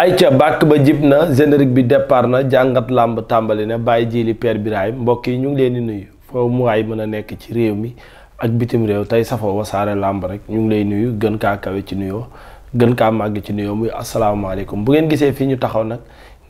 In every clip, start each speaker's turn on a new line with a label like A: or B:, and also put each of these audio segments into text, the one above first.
A: ay ca bàkk ba jib na générique bi départ na jàngat làmb tàmbali na bàyyi jili Père Birahim mbokk yi ñu ngi leen di nuyu foo mu waay mën a nekk ci réew mi ak bitim réew tey safoo wasaare làmb rek ñu ngi lay nuyu gën kaa kawe ci nuyoo gën kaa màgg ci nuyoo muy asalaamaaleykum bu ngeen gisee fii ñu taxaw nag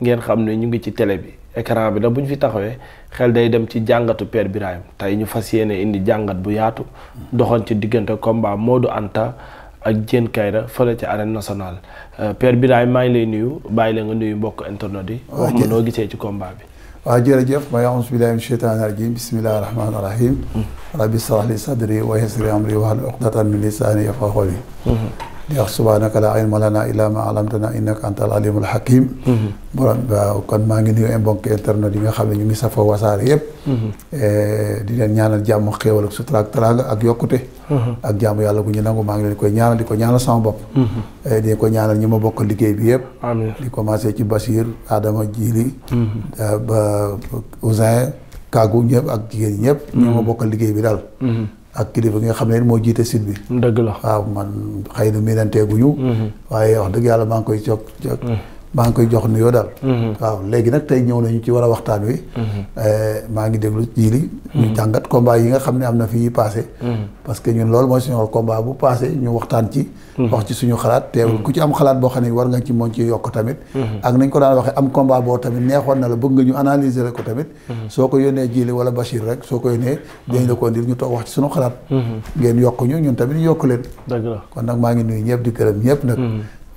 A: ngeen xam ne ñu ngi ci tele bi écran bi nag bu ñu fi taxawee xel day dem ci jàngatu Père Birahim tey ñu fas yéene indi jàngat bu yaatu doxoon ci diggante combat Modou Anta ak Diène Kayra fële ci arène nationale euh, Père Birahim maa ngi lay nuyu bàyyi la nga nuyu mbokk internet yi. wax ma noo gisee ci kombaa bi.
B: a jërëjëf may auzu billaahi mina sheytaani rajiim bismillaahi rahmaani rahiim. Mm. rabbi shrah li sadri wa yassir li amri wahlul uqdatan min lisaani yafqahu qawli mm-hmm. di wax subhaanaka laa ilma lanaa illaa maa allamtanaa innaka antal aliimul hakiim. Mhm. borom waaw kon maa ngi nuyu mbokk internet yi nga xam ne ñu ngi safoo wasaare yëpp. Mhm. Eh, di leen ñaanal jàmm xéewal ak sutura ak teraanga ak yokkute. Mhm. ak jàmm yàlla bu ñu nangu maa ngi leen koy ñaanal di ko ñaanal sama bopp. Eh, di ko ñaanal ñi ma bokk liggéey bi yëpp. di commencé ci Bachir Adama Djili. Eh, ba Ousin Kaagu ñëpp ak jigéen ñëpp. ñoo ma bokk liggéey bi daal. ak kilifa gi xam ne moo jiite site bi. dëgg la waaw man xëy na miinanteeguñu. Mm-hmm. waaye wax dëgg yàlla maa ngi koy jokk jokk. Mm. maa ngi koy jox nuyoo daal. Mhm. waaw léegi nag tey ñëw nañu ci war a waxtaan wi. Mhm. Eh, maa ngi déglu ji li. ñu mhm. jàngat combat yi nga xam ne am na fii passé. parce que ñun loolu mooy suñu combat bu passé ñu waxtaan ci. wax ci suñu xalaat teewul ku ci am xalaat boo xam ne war nga ci moom ci yokk tamit. ak nañ ko daan waxee am combat boo tamit neexoon na la bëgg nga ñu analyser la ko tamit. soo ko yónnee ji li wala rek soo ko yónnee. dinañ la ko indil ñu toog wax ci suñu ñu ñun tamit ñu yokk maa ngi nuyu ñëpp di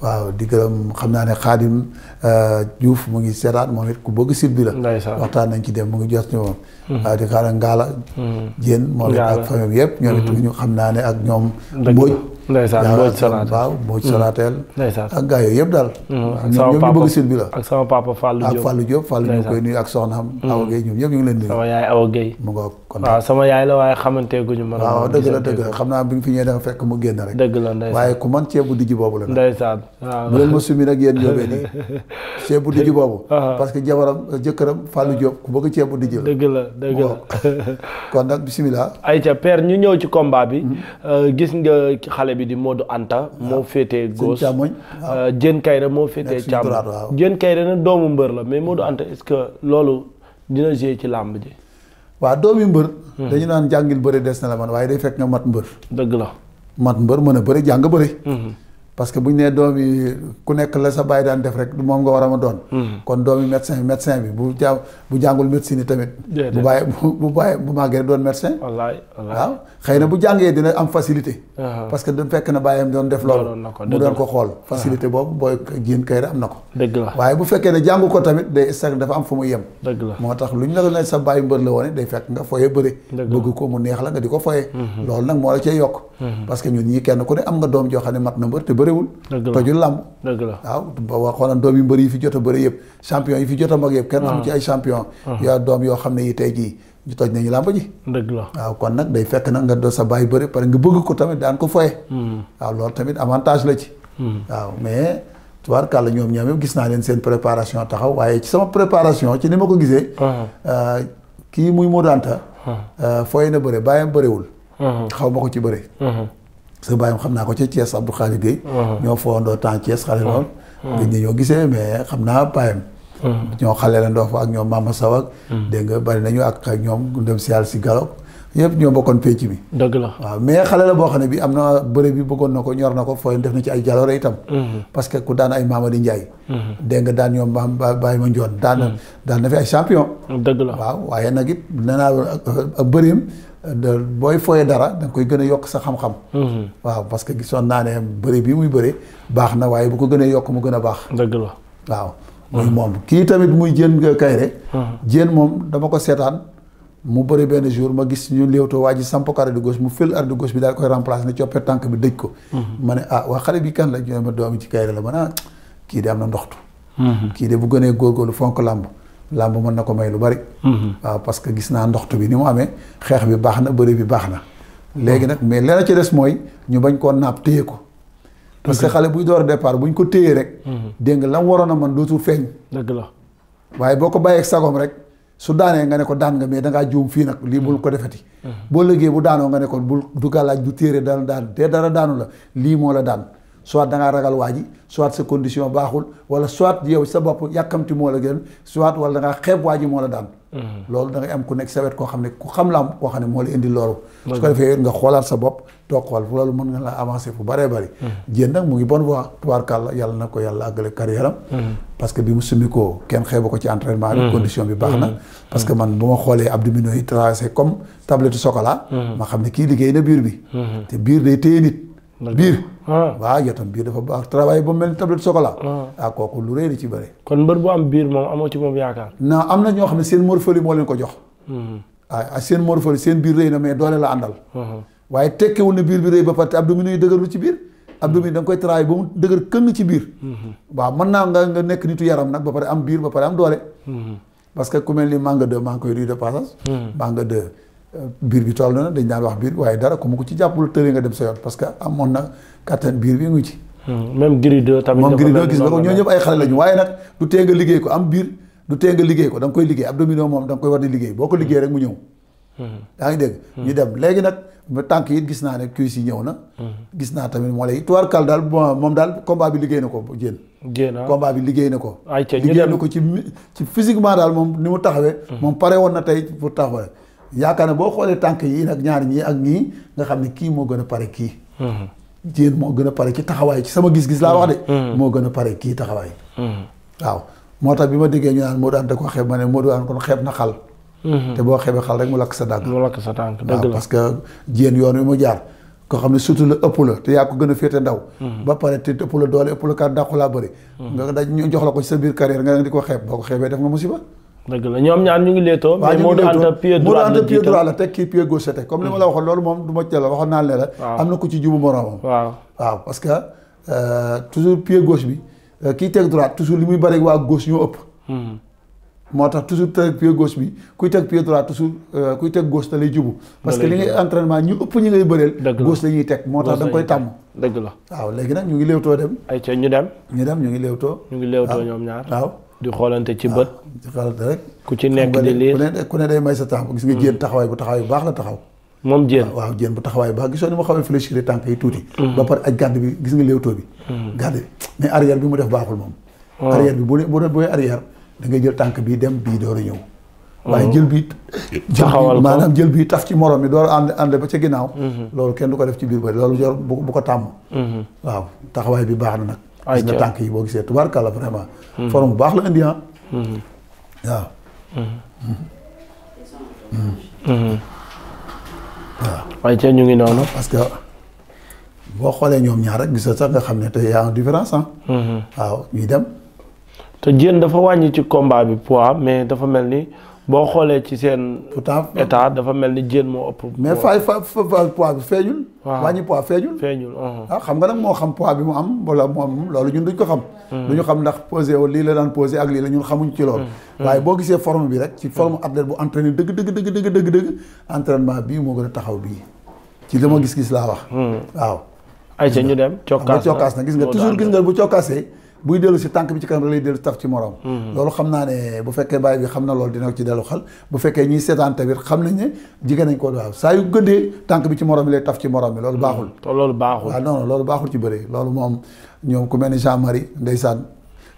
B: waaw di gërëm xam naa ne Xaadim euh, Diouf mu ngi seetaan moom it ku bëgg site bi la. waxtaan nañ ci dem mu ngi jot ñu moom. Hmm. di xaaral Ngala. Hmm. Diène moom it ak famille yëpp. ñoom it hmm. ñu xam naa ne ak ñoom. Mbodj ndeysaan Mbooj Sonatel waaw Mbooj Sonatel. Mm. ndeysaan ak gars yooyu yëpp daal. Mm-hmm. ak sama papa ñoom ñu bëgg site bi
A: la. ak sama papa Fallou Diop ak Fallou Diop Fallou ñu mm-hmm. ngi koy waaye xamante man. waaw dëgg la dëgg la xam
B: bi da nga fekk mu la ndeysaan waaye ku man ceebu dijji boobu leen ma sumi nag yéen yóbbee nii ceebu dijji boobu. parce que jabaram jëkkëram Fallou Diop ku bëgg ceebu dijji la. dëgg la dëgg la kon nag bisimilah.
A: ayca père ñu ñëw ci combat bi mm-hmm. euh, gis nga xale xale bi di Modou Anta. moo féetee góos Jën Kayre moo féetee càmm Jën Kayre na doomu mbër la mais Modou Anta est-ce que loolu dina jouer ci làmb ji.
B: waaw doomi mbër. Hmm. dañu naan jàngil bëri des na la man waaye day fekk nga mat mbër. dëgg la mat mbër mën a bëri jàng bëri. Hmm. parce que bu ñu nee doom yi ku nekk la sa baay daan def rek du moom nga war a ma doon. Mm-hmm. kon doom yi médecin bi bi bu ja bu jàngul médecine yi tamit. bu bàyyi bu bàyyi bu màggee doon médecin. wallaay wallaay waaw xëy na bu jàngee dina am facilité. Uh-huh. parce que du fekk na bàyyam doon def loolu. mu doon ko xool facilité uh-huh. boobu booy jiin na ko. dëgg la waaye bu fekkee ne jàngu ko tamit day istag dafa am fu mu yem. dëgg la moo tax lu ñu la ne sa bàyyi mbër la woon day fekk nga foyee bëri. bëgg ko mu neex la nga di ko foyee. Mm-hmm. loolu nag moo la cay yokk. Mm-hmm. parce que ñun kenn ku ne am nga doom joo xam ne mat na mbër bëriwul tojul làmb
A: waaw
B: ba xoolan doom yu mbëri yi fi jot a bëri yëpp champion yi fi jot a mag yëpp kenn amu ci ah. ay champion ah. yaa doom yoo xam ne yi tey jii ñu toj nañu làmb ji la waaw kon nag day fekk nag nga do sa bàyyi bëri pare nga bëgg ko tamit daan ko foye hmm. waaw loolu tamit avantage la ci hmm. waaw mais tubaarkàlla ñoom ñoom yëpp gis naa leen seen préparation taxaw waaye ci sama préparation ci ni ma ko gisee ah. euh, kii muy Modou Anta euh, fooy na bëre bàyyam bëriwul xaw ma ko sa bàyyam xam naa ko ca Thiès Abdou Khadir Gueye uh-huh. ñoo foondoo temps Thiès xale lool uh-huh. gëj na ñoo gisee mais xam naa bàyyam uh-huh. ñoo xale la ndoo fa ak ñoom Mama Sow ak dégg nga bari nañu ak ak ñoom ndem si yàlla si galop yëpp ñoo bokkoon pénc mi dëgg la waaw mais xale la boo xam ne bi am na bëre bi bëggoon na ko ñor na ko fooy def na ci ay jaloore itam parce ku daan ay Mamadi Ndiaye dégg nga daan ñoom maam Baye ma Ndione daan daan na fi ay champion dëgg la booy fooyee dara danga koy gën a yokk sa xam-xam. Mhm. waaw parce que gisoon naa ne bëri bi muy bëri baax na waaye bu ko gënee yokk mu gën a baax. dëgg la waaw. Mhm. muy moom kii tamit muy jën kayre Diène mhm. moom dama ko seetaan mu bëri benn jour ma gis ñu léewtoo waa ji samp ko arrêt gos gauche mu fël arrêt de bi daal koy remplacer ne coppee tànk bi dëj ko. ma ne ah waa xale bi kan la ñu ma doomi ci Kaïré la man ah kii de am na ndoxtu. kii de bu gënee góorgóorlu fonk làmb làmb mën na ko may lu bari. Mm-hmm. waaw parce que gis naa ndoxtu bi ni mu amee xeex bi baax na bëri bi baax na. Mm-hmm. léegi nag mais la ci des mooy ñu bañ koo naab téye ko. parce que xale buy door départ buñ ko téyee rek. Mm-hmm. dégg nga la mu waroon a mën dootul feeñ. dëgg la waaye boo ko bàyyeeg sagom rek su daanee nga ne ko daan nga mais da ngaa juum fii nag lii bul ko defeti boo lëggee bu daanoo nga ne ko bul du du téere dara daan te dara daanu la lii moo la daan. soit da ngaa ragal waa ji soit sa condition baaxul wala soit yow sa bopp yàkkamti moo la gën soit wala da xeeb waa ji moo la daan. Mm-hmm. loolu da am ku nekk sa koo xam ne ku xam la am koo xam ne ko mm-hmm. yàlla na ko yàlla àggale carrière mm-hmm. parce que bi mu summi ko kenn xeebu ko ci entraînement bi. condition bi baax na. parce que man bu ma xoolee abdominaux yi tracé comme tablette chocolat. ma xam ne kii liggéey na biir bi. te biir day téye nit. biir ah. waaw jotam biir dafa baax travail ba mel ni tablette chocolat ah. ah kooku lu rëy la ci bëri kon mbër bu am biir moom amoo ci moom yaakaar non am na ñoo xam ne seen morphologie moo leen ko jox hmm. ah, ah seen morphologie seen biir rëy na mais doole la àndal waaye tekkewul ne biir bi rëy ba pare te abdominaux yi dëgërlu ci biir abdominaux hmm. yi da nga koy travail ba mu dëgër këng ci biir hmm. waaw mën naa nga nekk nitu yaram nag ba pare am biir ba pare am doole parce que biir bi toll na dañ daan wax biir waaye dara ku mu ko ci jàppul tëri nga dem sa yoon parce que amoon na kattan biir bi ngi ci. Hmm. même Gris 2 tamit. moom Gris 2 gis nga ko am moom hmm. hmm. yi gis naa ne cuisse yi ñëw na. gis naa tamit moo lay tuwaar kal daal moom daal combat bi liggéey na ko jéen. jéen ah. combat bi liggéey na ko. liggéey na ko ci daal moom ni mu moom pare woon na tey pour taxawee yaakaar ne boo xoolee tànk yi nag ñaar ñii ak ñii nga xam ne kii moo gën a pare kii. Mhm. jéen moo gën a pare ci taxawaay ci sama gis-gis laa wax de. Mhm. moo gën a pare kii taxawaay. Mhm. waaw moo tax bi ma déggee ñu naan moo daan da ko xeeb ma ne moo daan kon xeeb na xal. te boo xeebee xal rek mu lakk sa dànk. mu parce que jéen yoon wi mu jaar. ko xam ne surtout la ëpp la te yaa ko gën a féete ndaw. ba pare te ëpp la doole ëpp la kàddu dàqu laa bëri. nga dañ jox la ko dëgg la ñoom ñaar ñu ngi léetoo. mais Modou Anta pied droit la pied droit teg kii pied gauche la teg comme li ma la waxoon loolu moom du ma ci la waxoon naa ne la. am na ku ci jubu moroomam. waaw waaw parce que euh, toujours pied bi euh, kii teg droit toujours li muy bari waa gauche ñoo ëpp. Hmm. moo tax toujours teg pied bi kuy teg pied droit toujours euh, kuy teg gauche da lay jubu. parce que li ngay entraînement ñu ëpp ñu ngay bëreel. dëgg la gauche la teg moo tax da nga koy tàmm. dëgg la waaw léegi nag ñu ngi léewtoo dem. ay ñu dem. ñu dem ñu ngi léewtoo. ñu ngi léewtoo ñoom ñaar waaw
A: di xoolante ci bët. Ah,
B: di xoolante rek. ku ci nekk di lii ku ne day may sa tax gis nga jéen mm. taxawaay bu taxawaay bu baax la taxaw. moom jéen waaw jéen bu taxawaay mm. ba pare ak gàdd bi gis nga bi. Mm. gàdd bi mais bi mu def baaxul moom. Oh. arrière bi bu dee bu dee arrière da ngay jël tànk bii dem bii door a ñëw. waaye oh. jël bi taxawal ko maanaam jël bi taf ci morom mi door ànd ànd ba ca ginnaaw. Mm-hmm. loolu kenn du ko def ci biir bëri loolu jor bu ko tàmm. Mm-hmm. waaw taxawaay bi baax na nag gis nga tànk yi boo gisee tubaarkàlla vraiment. forme bu baax la indi ah. Mm-hmm. waaw. waaw. Mm-hmm. Mm-hmm. ca ñu ngi noonu. parce que boo xoolee ñoom ñaar rek gis sax nga xam ne te yaa en différence ah. waaw ñuy dem.
A: te Diène dafa wàññi ci combat bi poids mais dafa mel ni. boo xoolee ci seen.
B: temps état
A: dafa mel ni jéen moo ëpp. mais fay
B: fa fa poids bi feeñul. waaw wàññi poids feeñul. feeñul uh-huh. ah, xam nga nag moo xam poids bi mu am wala moom loolu ñun duñ ko xam. Hmm. du ñu xam ndax posé wu lii la daan posé ak lii la ñun xamuñ ci lool hmm. waaye boo gisee forme bi rek. ci hmm. forme athlète bu entraîné dëgg dëgg dëgg dëgg dëgg dëgg bii moo gën a taxaw bii. ci li gis-gis laa wax. waaw.
A: ayca ñu dem cokkaas na gis nga toujours gis
B: nga bu cokkaasee. buy dellu si tànk bi ci kanam lay dellu taf ci morom. Mhm. loolu xam naa ne bu fekkee baay bi xam na loolu dina ci dellu xal bu fekkee ñiy seetaan tamit xam nañ ne jigéen nañ ko waaw saa yu gëddee tànk bi ci morom lay taf ci morom bi loolu mhm. baaxul. loolu baaxul waaw non loolu baaxul ci bëri loolu moom ñoom ku mel ni Jean Marie ndeysaan.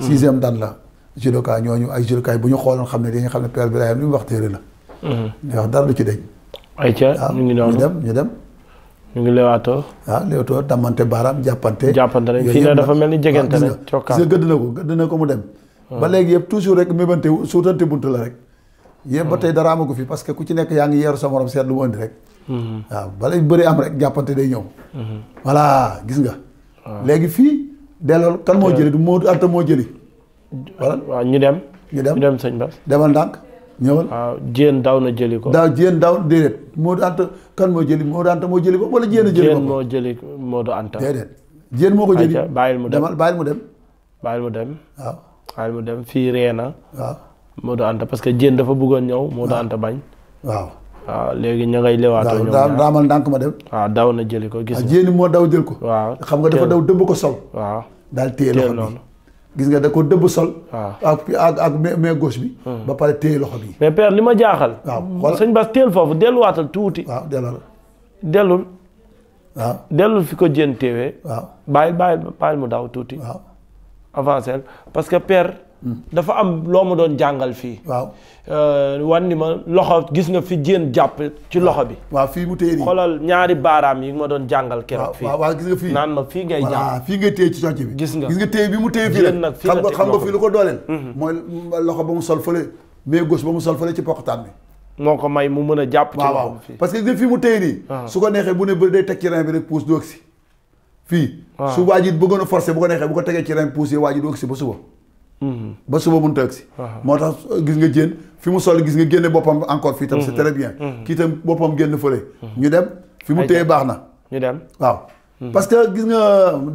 B: sixième dan la judoka ñooñu ay judoka bu ñu xooloon xam ne dañuy xam ne Père Birahim li mu wax téere la. di mhm. wax dara ci deñ. ayca ñu ngi noonu ñu dem ñu dem. ñu ngi leewaatoo. waaw ah, leewaatoo tàmmante baaraam jàppante. jàppante rek fii nag dafa mel ni jegante rek. cokkaat gis nga gëdd na ko gëdd na ko mu dem. Ah. ba léegi yëpp toujours rek mébante suutante buntu la rek. yëpp ba ah. tey dara amagu fi parce que ku ci nekk yaa ngi yeeru sa morom seet lu mu andi rek. Mm-hmm. waaw bala bëri am rek jàppante day ñëw. Mm-hmm. voilà gis nga. léegi fii delloo kan moo euh. jëli du moo Anta moo jëli.
A: voilà waaw ñu dem. ñu dem ñu dem sëñ Ba. demal ndànk. ñëwal waaw jéen daw na jëli ko. daaw
B: jéen daaw déedéet Modou Anta kan moo jëli Modou Anta moo jëli ko wala jéen a jëli ko jéen
A: moo jëli Modou Anta.
B: jéen moo ko jëli. bàyyil mu dem demal
A: bàyyil mu dem. bàyyil mu dem. waaw bàyyil mu dem fii ree na. moo Modou Anta parce que jéen dafa buggoon ñëw Modou Anta bañ. waaw waaw léegi ña ngay lewaatoo. ñoom daaw daamal ndànk ma dem. waaw daw na jëli ko gis ah, nga.
B: moo daw jël ko. waaw xam nga dafa daw dëmb ko sol. waaw daal téye loxo gis nga da ko dëbb sol. waaw ah. ak ak ak main gauche bi. Hmm. ba pare téye loxo bi. mais père li ma jaaxal. waaw sañ sëñ Bass téel foofu delluwaatal tuuti. waaw delloo dellul. waaw dellul fi
A: ko jën téewee. waaw bàyyi bàyyi bàyyi mu daw tuuti. waaw avancé parce que père. dafa am loo ma doon jàngal fii. waaw euh, wan ni ma loxo gis nga fi jéen jàpp ci loxo bi. waaw fii mu téye nii xoolal ñaari baaraam yi ma doon jàngal. keroog fii waaw
B: gis fii naan fii ngay jàpp. fii ngay ci cocc bi. gis nga gis bi mu téye fii rek xam nga xam nga fii lu ko dooleel. Mm-hmm. mooy loxo ba sol fële mais gauche ba mu sol ci poqtaan bi. moo ko mu mën a jàpp. ci waaw parce que gis fii mu téye nii. Ah. su ko neexee bu ne ba day teg ci rein bi rek pousse du agsi fii. Ah. su waa ji bëggoon a forcer bu ko neexee bu ko tegee ci rein pousse waa ji du agsi ba suba Mm-hmm. ba suba mun toog si moo tax gis nga jéen fi mu sol gis nga génne boppam encore fii tam c'est mm-hmm. très bien mm-hmm. kii tam boppam génn fële ñu dem fi mu téye baax na ñu dem waaw parce que gis nga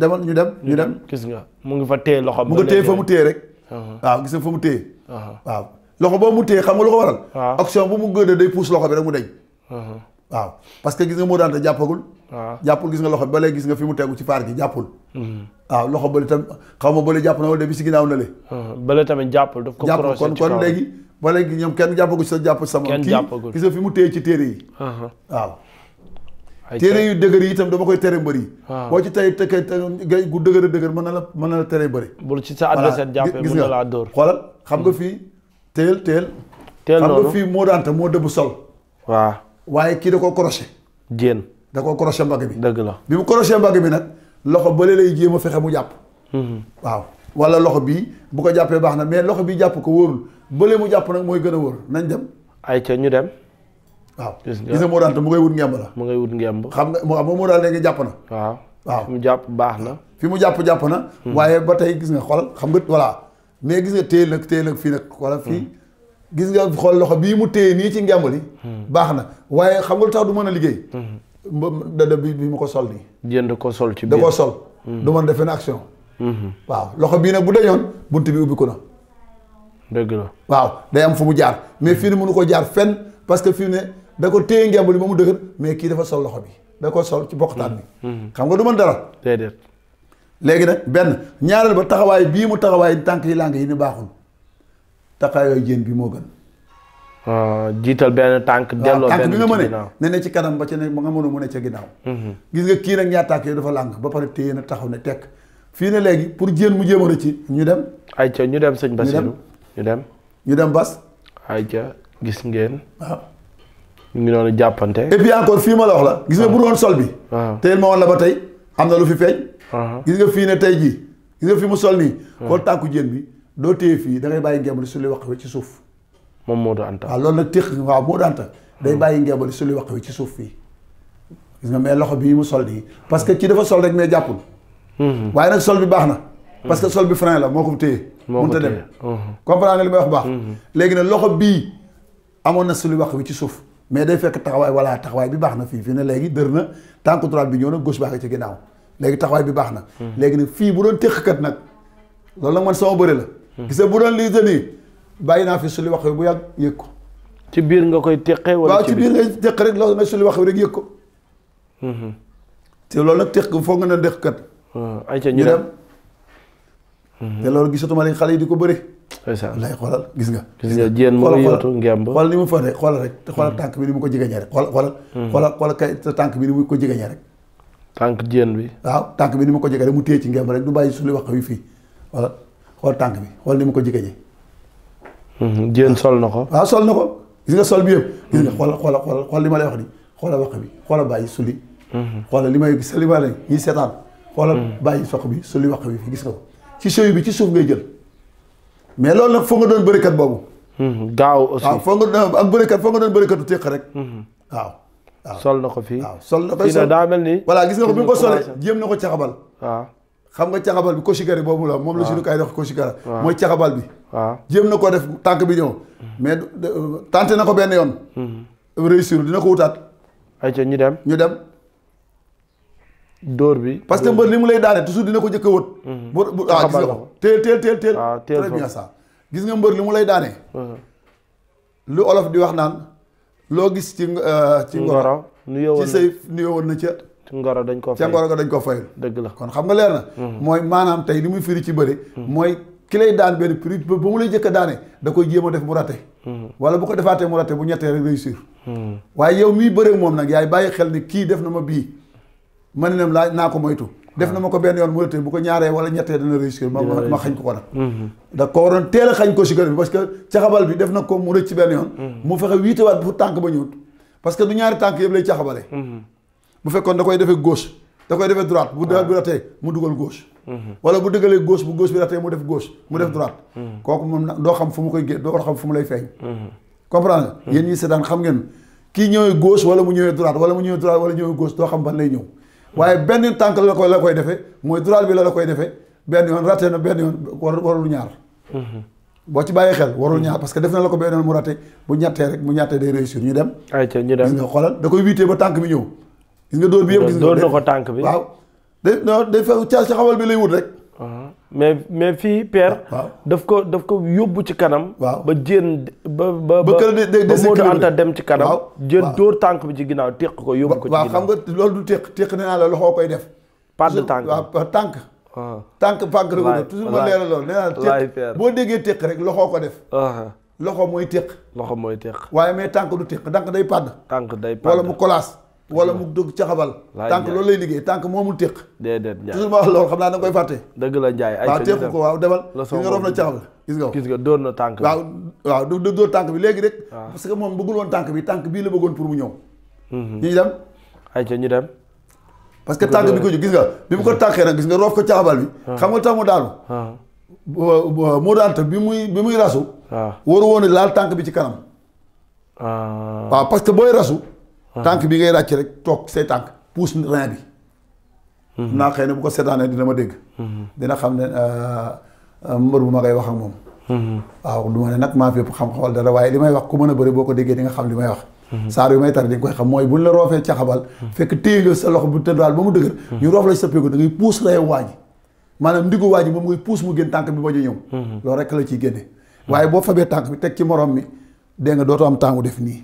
B: demal ñu dem ñu dem gis nga mu ngi fa téye loxo mu nga téye fa mu téye rek uh-huh. waaw gis nga fa mu téye uh-huh. waaw loxo boobu mu téye xam nga lu ko waral action bu mu gëdd day pousse loxo bi rek mu deñ uh-huh. waaw parce que gis nga moo daan jàppagul. waaw ah. jàppul gis nga loxo ba léegi gis nga fi mu tegu ci paar gi jàppul. Mm-hmm. waaw loxo bële tam xaw ma bële jàpp na wala bi si ginnaaw na le. Ah,
A: bële tamit jàppul daf ko. jàppul kon kon léegi
B: ba léegi ñoom kenn jàppagul sa jàpp sama. kenn jàppagul kii gis nga fi mu téye ci téere yi. Uh-huh. waaw. téere yu dëgër yi itam dama koy tere mbëri. Ah. boo ci tey te gay gu dëgër a dëgër mën na la mën na la tere bëri. bul ci sa adversaire jàppee mën na laa dóor xoolal xam nga mm. fii téel téel. téel noonu xam nga fii moo daan te sol. waaw waaye kii da ko crochet. jéen da ko crochet mbagg bi. dëgg la bi mu crochet mbagg bi nag loxo bële lay jéem a fexe mu jàpp. Mhm. waaw wala loxo bii bu ko jàppee baax na mais loxo bii jàpp ko wóorul bële mu jàpp nag mooy gën a nañ dem.
A: ay ca ñu dem.
B: waaw gis nga mu ngay wut ngemb la. mu ngay wut ngemb. xam nga moo moo daal léegi jàpp na. waaw waaw fi mu jàpp baax na. fi mu jàpp jàpp na. Mhm. waaye ba tey gis nga xol xam nga voilà mais gis nga téel nag téel nag fii nag wala fii mhm. gis nga xool loxo bii mu téye nii ci ngemb li baax na waaye xam nga lu tax du man a liggéey. dada bi bi mu ko sol nii.
A: jënd ko sol ci biir da ko sol. Mm-hmm. du def benn mm-hmm.
B: waaw loxo bii nag bu dañoon bunt bi ubbiku na. dëgg la waaw day am fu mu jaar mais fii ni mm-hmm. mënu ko jaar fenn parce que fii ne da ko téye ngemb li ba mu dëgër mais kii dafa sol loxo bi da ko sol ci bokkataan bi. xam nga du mën dara. léegi nag benn ñaareel ba taxawaay bii mu taxawaay tànk yi làng yi ni baaxul. taxaayoo jéen bi moo gën.
A: Ah, jiital benn tànk. Ah, delloo benn tànk bi nga
B: mën ne ci kanam ba ci ne ba nga mën a mu ne ca mhm. gis nga kii nag ñaar tànk yooyu dafa làng ba pare téye na taxaw ne tekk fii ne léegi pour jéen mu jéem ci ñu dem.
A: ayca ñu dem sëñ Bassirou ñu dem ñu dem Bas. ayca gis ngeen. waaw. ñu ngi doon jàppante. et puis
B: encore fii ma la la. gis nga ah. bu doon sol bi. waaw teel ma woon la ba tey am na lu fi feeñ. gis nga fii ne tey ji gis nga fi mu sol nii. xool tànku bi doo téye fii dangay bàyyi ngemb li su li wax ci suuf.
A: moom Modou Anta.
B: waaw loolu nag téq waaw Modou Anta. day hmm. bàyyi ngemb li su li wax ci suuf fii. gis nga mais loxo bii mu sol nii parce que ci dafa sol rek mais jàppul. Hmm. waaye nag sol bi baax na. parce que hmm. sol bi frein la moo ko téye. moo ko téye comprendre nga li may wax baax. léegi nag loxo bii amoon na su li wax ci suuf. mais day fekk taxawaay walla taxawaay bi baax na fii fii ne léegi dër na tànku droite bi ñëw na gauche baa ngi ci ginnaaw léegi taxawaay bi baax na. léegi nag fii bu doon téq kat nag loolu nag man sama bëre la. gis bu doon lii nii bàyyi naa fi sulli wax bu yàgg yëg ko. ci biir nga koy teqee. wala ci biir waaw ci biir ngay teq rek loolu nga sulli wax rek yëg ko. Mhm. te loolu nag teq foo nga na deq kat. Ah, ay ca ñu dem mhm. te loolu gisatuma ne xale yi di ko bëri. lay xoolal gis nga.
A: gis nga jéen mu ngi yóotu ngemb. xoolal
B: ni mu fa de xoolal rek te xoolal mhm. tànk bi ni mu ko jegeñee rek xoolal xoolal. xoolal xoolal kay tànk bi ni ko jegeñee rek.
A: tànk jéen bi.
B: waaw tànk bi ni mu ko jegeñee rek mu téye ci ngemb rek du bàyyi sulli wax yu fii voilà xool tànk bi xool ni mu ko mm-hmm. jigéen
A: ñi. jéen sol na ko.
B: waaw sol na ko gis nga sol bi yëpp. gis nga xoolal xoolal xoolal xool li ma lay wax nii mm-hmm. li may gis li ma lay ñuy seetaan. xoolal mm-hmm. bàyyi soq bi suli wax bi gis ko ci sëy bi ci suuf ngay jël. mais loolu nag foo nga doon bërikat boobu. gaaw aussi waaw foo nga doon ak bërikat foo nga doon bërikatu téq rek. waaw. sol
A: na ko fii waaw sol na ko fii daa gis nga ko bi mu ko solee
B: jéem na ko caxabal waaw. xam nga caxabal bi koshikari boobu la moom la suñu kay def koshikara mooy caxabal bi waaw jéem na ko def tànk bi ñëw mais euh, tenté na ko benn yoon
A: mhm.
B: réussir dina ko wutaat ay ca ñu dem ñu dem dóor bi parce que mbër li mu lay daane toujours dina ko jëkk a wët mhm. bu waaw ah, gis nga ko ah, gis nga mbër li mu lay daane mhm. lu olof di wax naan loo gis ci euh, ci ngoro ci say nuyoo woon na ca ci ngoro dañ koo fay ca ngoro ga dañ koo fayul dëgg la kon xam nga leer na hmm. mooy maanaam tey li muy firi ci bëri hmm. mooy ki lay daan benn prix ba mu lay jëkk a daane da koy jéem a def mu raté hmm. wala bu ko defaatee mu raté bu ñettee rek réussir waaye yow miy bëree moom nag yaay bàyyi xel ni kii def na ma bii man nem laa naa ko moytu ah. def na ma ko benn yoon mu raté bu ko ñaaree wala ñettee dana réussir ma ma xañ ko ko nag da ko waroon teel a xañ ko si kër bi parce que caxabal bi def na ko mu rëcc benn yoon mu fexe wiite waat bu tànk ba ñëwut parce que du ñaari tànk yëpp lay caxabale bu fekkoon da koy defee gauche da koy defee droite bu droite bi ratee mu dugal gauche mhm. wala bu dëggalee goos bu gauche bi ratee mu def gauche mu def mhm. droite mhm. kooku moom nag doo xam fu mu koy gé doo xam fu mu lay feeñ comprendre yéen ñi seetaan xam ngeen kii ñëwee gauche wala mu ñëwee droite wala mu ñëwee droite wala ñëwee gauche doo xam ban lay ñëw waaye benn tànk la koy la koy defee mooy droite bi la la koy defee benn yoon raté na benn yoon war warul ñaar boo ci bàyyee xel warul ñaar parce que def na la ko benn yoon mu raté bu ñattee rek mu ñattee day réussir ñu dem. ayca nga xoolal da koy wiitee ba tànk bi ñëw gis nga dóor bi yëpp gis nga dóor na ko tànk bi waaw day day fa ca ci xawal bi lay wut rek. Uh-huh. mais mais fii père. daf ko
A: daf ko yóbbu ci kanam. waaw ba jéen ba ba. ba kër de de Modou Anta dem ci kanam. waaw jéen
B: tànk bi ci ginnaaw téq ko yóbbu ko. ci ginnaaw waaw xam nga loolu du téq téq nee naa la loxoo koy def. pas de tànk waaw tànk. Uh-huh. tànk pànk rek la toujours ma leeral loolu nee naa téq boo déggee téq rek loxoo ko def. Uh-huh. loxo mooy téq. loxo mooy téq. waaye mais tànk du téq tànk day padd. tànk day padd wala mu kolaas. wala mu dugg ca xabal tànk loolu lay liggéey tànk moomul téq déedéet toujours ma wax loolu xam naa da koy fàtte dëgg la Njaay waaw téq ko waaw demal gis nga roof na ca gis nga tànk waaw waaw du dóor tànk bi léegi rek parce que moom bëggul woon tànk bi tànk bii la bëggoon pour mu ñëw
A: mhm. ñu dem ay ca ñu dem
B: que tànk bi ko ju gis nga bi mu ko tànkee nag gis nga roof ko ca xabal bi ah. xam nga tax mu daanu ah. moo daanta bi muy bi muy rasu ah. waru woon laal tànk bi ci kanam waaw parce que booy rasu tànk bi ngay ràcc rek toog say tànk pousse rein bi. Mhm. naa xëy na bu ko seetaanee dina ma dégg. Mhm. dina xam ne euh, euh, mbër bu ma koy wax ak moom. Mhm. waaw du ma ne nag maa fi xam-xam wala dara waaye li may wax ku mën a bëri boo ko déggee di nga xam li may wax. saar yu may tar di koy xam mooy buñ la roofee caxabal. fekk téye nga sa loxo bu tëddaal ba mu dëgër. ñu roof la soppeeku da ngay pousse reyu waa ji. maanaam ndiggu waa ji moom ngay pousse mu génn tànk bi ba ñu ñëw. loolu la ciy génne. waaye boo fabee tànk bi teg ci morom mi dégg nga dootoo am tàngu def nii.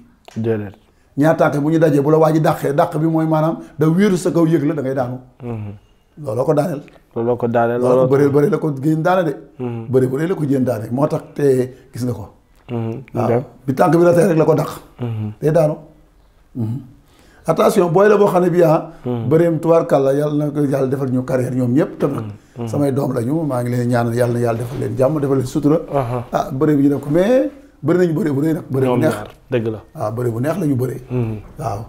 B: ñaataate bu ñu dajee bu la waa ji dàqee dàq bi mooy maanaam da wéeru sa kaw yëg la da ngay daanu mm-hmm. looloo ko daaneel
A: looloo ko daaneel looloo ko bëree bëree la
B: ko génn daane de bëree mm-hmm. bëree la ko génn daane moo tax te gis nga ko mm-hmm. waaw bi tànk bi la tey rek la ko dàq day daanu attention booy la boo xam ne bi ah bëreem tubaarkàlla yàlla na ko yàlla defal ñu carrière ñoom ñëpp tam nag samay doom la ñu maa ngi leen ñaanal yàlla na yàlla defal leen jàmm defal leen sutura uh-huh. ah bëreem yi bëri nañu bëree bu rëy nag. bëree bu neex dëgg la. waaw ah, bëree bu neex la ñu bëree. Mm-hmm. waaw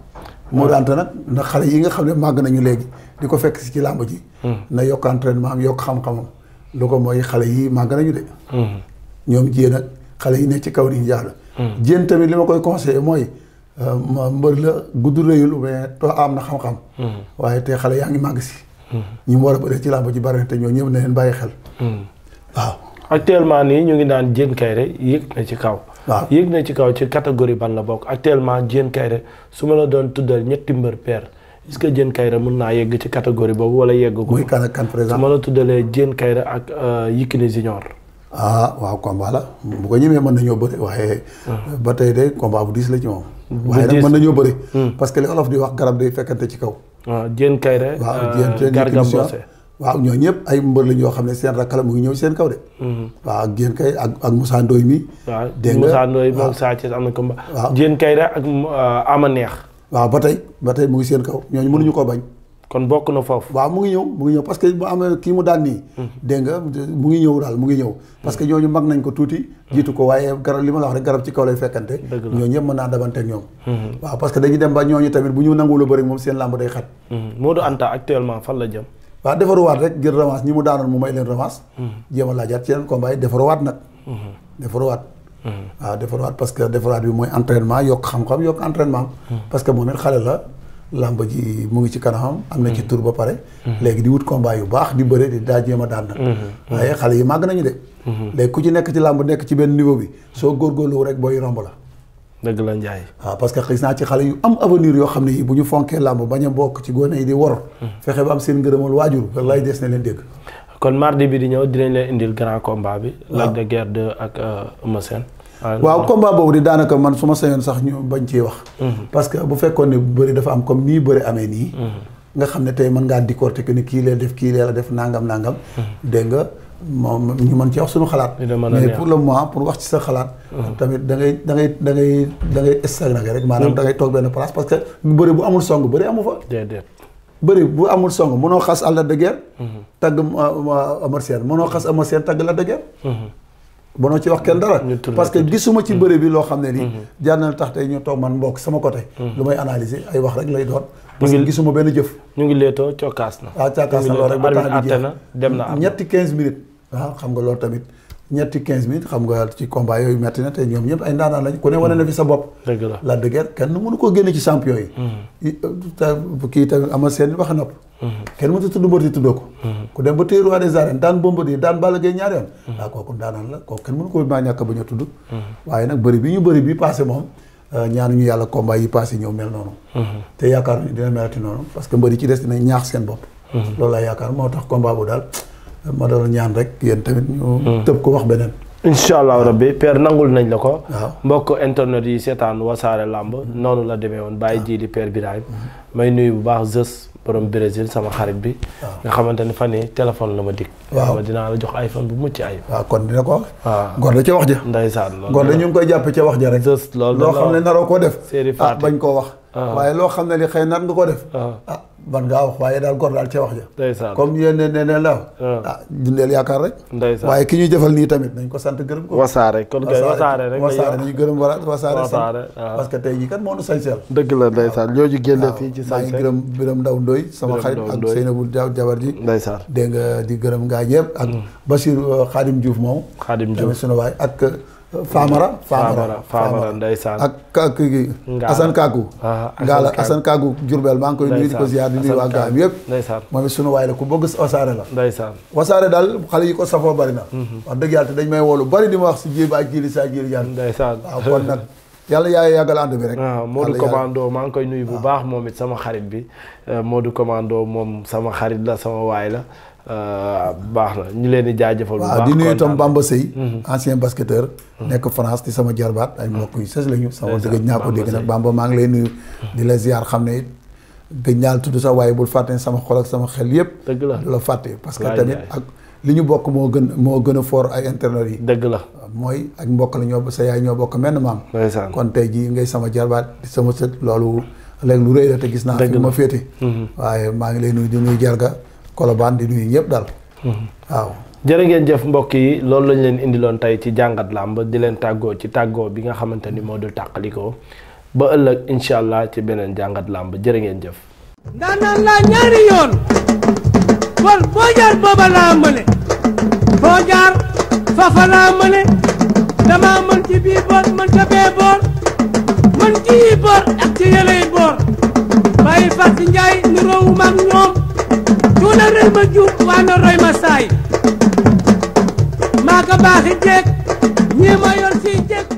B: moo daante nag ndax xale yi nga xam ne màgg nañu léegi di ko fekk si ci làmb ji. Mm-hmm. na yokk entraînement am yokk xam-xamam lu ko mooy xale yi màgg nañu de. Mm-hmm. ñoom jiyee nag xale yi ne ci kaw di jaadu. jéen tamit li ma koy conseillé mooy euh, mbër la gudd lu mais too am na xam-xam. waaye te xale yaa ngi màgg si. ñi mu war a bëree ci làmb ji bari na te ñoo ñëpp na bàyyi xel.
A: waaw. actuellement nii ñu ngi naan Diène Kaïré yéeg na ci kaw. waaw yéeg na ci kaw ci catégorie ban la bokk actuellement Diène Kaïré su ma la doon tuddal ñetti mbër peer est-ce que Diène kayre mën naa yegg ci catégorie boobu wala
B: yegg ko. muy kan ak kan par su ma la tuddalee Diène kayre ak euh, Yékini Junior. ah waaw combat la bu ko ñemee mën nañoo bëri waaye. Ah. ba tey de combat bu diis la ci moom. waaye nag mën nañoo bëri. Hmm. parce que li olof di wax garab day fekkante ci kaw. Ah, waaw euh,
A: Diène Kaïré.
B: waaw ñoo ñëpp ay mbër la ñoo xam ne seen rakkala mu ngi ñëw seen kaw de. Mm-hmm. waaw ak Kay ak ak mi. waaw Moussa
A: Ndoye moom am na combat. waaw Diène Kay ak euh, Ama Neex.
B: ko bañ. kon na foofu. waaw mu ngi ñëw mu ngi ñëw parce que bu amee kii mu daan nii. Mm-hmm. dégg mu ngi ñëw daal mu ngi ñëw. parce que mm-hmm. ñooñu mag nañ ko tuuti. jiitu ko waaye garab li ma la wax rek garab ci kaw lay fekkante. ñooñu ñëpp mën naa dabante ñoom. waaw parce que dañuy dem ba ñooñu tamit bu ñu nanguwul a bëri moom seen làmb day xat.
A: Modou Anta actuellement
B: waa defaruwaat rek jël revanche ñi mu daanoon mu may leen revanche. jéem a laajaat ci yeneen combat yi defaruwaat nag. defaruwaat. waaw defaruwaat parce que defaruwaat yi mooy entraînement yokk xam-xam yokk entraînement parce que moom it xale la làmb ji mu ngi ci kanamam. am na ci tur ba pare. léegi di wut combat yu baax di bëre di daa jéem a daan nag. waaye xale yi màgg nañu de. Mm-hmm. léegi ku ci nekk ci làmb nekk ci benn niveau bi soo góorgóorlu rek booy romb la.
A: dëgg la Ndiaye.
B: waaw ah, parce que xis naa ci xale yu am avenir yoo xam ne yi bu ñu fonkee làmb bañ a bokk ci gone yi di wor. fexe ba am seen ngërëmal waajur wallaay des na leen dégg.
A: kon mardi bi di ñëw dinañ leen indil grand combat bi. Ah. Lac de Guiers ak euh, Eumeu Sène. Ah, waaw combat
B: boobu di daanaka man su ma sañoon sax ñu bañ cee wax. Mhm. parce bu fekkoon ne bu bëri dafa am comme nii bëri amee nii. Mhm. nga xam ne tey mën ngaa décortiquer que ni kii lee def kii lee la def nangam nangam. Hmm. dégg nga moom ñu mën ci wax suñu xalaat. mais pour le moment pour wax ci sa xalaat. Hmm. tamit da ngay da ngay da ngay da ngay stagné rek. maanaam hmm. da ngay toog benn place parce que bëri bu amul song bëri amu fa. déedéet. bëri bu amul song mënoo xas à la de guerre. tagg euh, euh, Eumeu Sène mënoo xas Eumeu Sène tagg la de guerre. mënoo ci wax kenn dara. parce que gisuma ci bëri bi loo xam ne nii. jaar na tax tey ñu toog man mbokk sama côté. lu may analyser ay wax rek lay doon. parce que gisuma benn jëf. ñu ngi leetoo cokkaas na. ah cokkaas na loolu rek ba tax àtte na dem na am ñetti 15 minutes. waaw ah, xam nga loolu tamit ñetti 15 minutes xam nga ci combat yi. Mm-hmm. kii tamit ama seen wax nopp. Mm-hmm. kenn mënut a tudd mbër di tuddoo ko. Mm-hmm. ku dem ba téye roi des arènes daan Bombardier daan Balla Gaye ñaari yoon. waaw ah, kooku ndaanaan la kooku kenn mënu koo maa ñàkk ba ñu tudd. waaye nag bëri bi ñu bëri bi passé moom ñaanuñu yàlla combat yi passé ñëw mel noonu. Mhm. te yaakaar ñu dina melati noonu parce que mbër yi ci des dinañ ñaax seen bopp. Mhm. loolu laa yaakaar moo tax combat bu daal ma doon ñaan rek yéen tamit ñu. Mhm. tëb ko wax beneen.
A: incha allah rabbi père nangul nañ la ko. waaw mbokk internet yi seetaan wasaare làmb noonu la demee woon bàyyi ji di père may nuyu bu baax Zeus borom Brésil sama xarit bi. Ah. nga xamante ni fan yii téléphone la ma dikk. waaw ma dinaa la jox iPhone bu mucc ayib. waaw kon dina ko wax. Ah. waaw góor la ca
B: wax ja. ndeysaan loolu la góor la ñu ngi koy jàpp ca wax ja rek. loolu la loo xam ne naroo koo def. ah bañ koo wax. waaye loo xam ne li xëy nar nga ko def ah ban ngaa wax waaye daal góor daal ca wax ja comme yéen ne ne la ah dundeel yaakaar rek waaye ki ñu jëfal nii tamit nañ ko sant gërëm ko wasaare kon kay wasaare rek wasaare nañu gërëm wala wasaare wasaare parce que tey jii kat moo nu sañseel dëgg la ndeysaan ñooñu génne fii ci sañse gërëm biram ndaw ndoy sama xarit ak Seynabou jabar ji ndeysaan dégg nga di gërëm ngaa ñëpp ak mm. Bachir euh, Khadim Diouf moom Khadim Diouf sunu waay ak Famara Famara Famara ndeysaan ak kii Assane Kaagu Ngaala Assane Kaagu Jurbel ah, maa ngi koy nuyu di ko ziar di nuyu waa Gaam yëpp ndeysaan moom it sunu waay la ku bëgg wasaare la ndeysaan wasaare daal xale yi ko safoo bari na mhm. wax dañ may woolu bari di ma si jéem ak jili saa jili jaan ndeysaan waaw kon nag yàlla yaay yàggal ànd bi rek waaw ah, Modou Commando
A: maa ngi koy nuyu bu ah. baax moom it sama xarit bi eh, Modou Commando moom sama xarit la sama waay la Euh, baax na ñu leen di jaajëfal. bu baax di nuyu itam Bamba
B: Seye. Mhm. ancien basketteur. nekk France di sama jarbaat ay mbokk yu sës lañu. sama dëgg ñaa ko dégg nag Bamba maa ngi di la ziar xam ne tudd sax waaye bul fàtte sama xol ak sama xel yëpp. dëgg la la fàtte parce que tamit ak li ñu bokk moo gën moo gën a fort ay internet yi. dëgg la mooy ak mbokk la ñoo sa yaay ñoo bokk menn maam. kon tey jii ngay sama jarbaat di sama sët loolu léegi lu rëy la te gis naa ma féete. Mhm. waaye maa ngi lay nuyu di nuyu jarga Colobane di nuyu ñëpp daal. Mhm.
A: waaw. jërë ngeen jëf mbokk yi loolu lañ leen indiloon tey ci jàngat làmb di leen tàggoo ci tàggoo bi nga xamante ni moo du tàqalikoo ba ëllëg incha allah ci beneen jàngat làmb jërë ngeen jëf. ndaanaan laa ñaari yoon kon boo jaar booba laa mëne boo jaar fafa laa mëne dama mën ci bii boor mën ca bee boor mën ci yi ak ci yëlay boor bàyyi fàtt njaay niroowu ñoom cuuna rëy ma juut waa na roy ma saay maa ko baaxi jeeg ñii ma yor si jeeg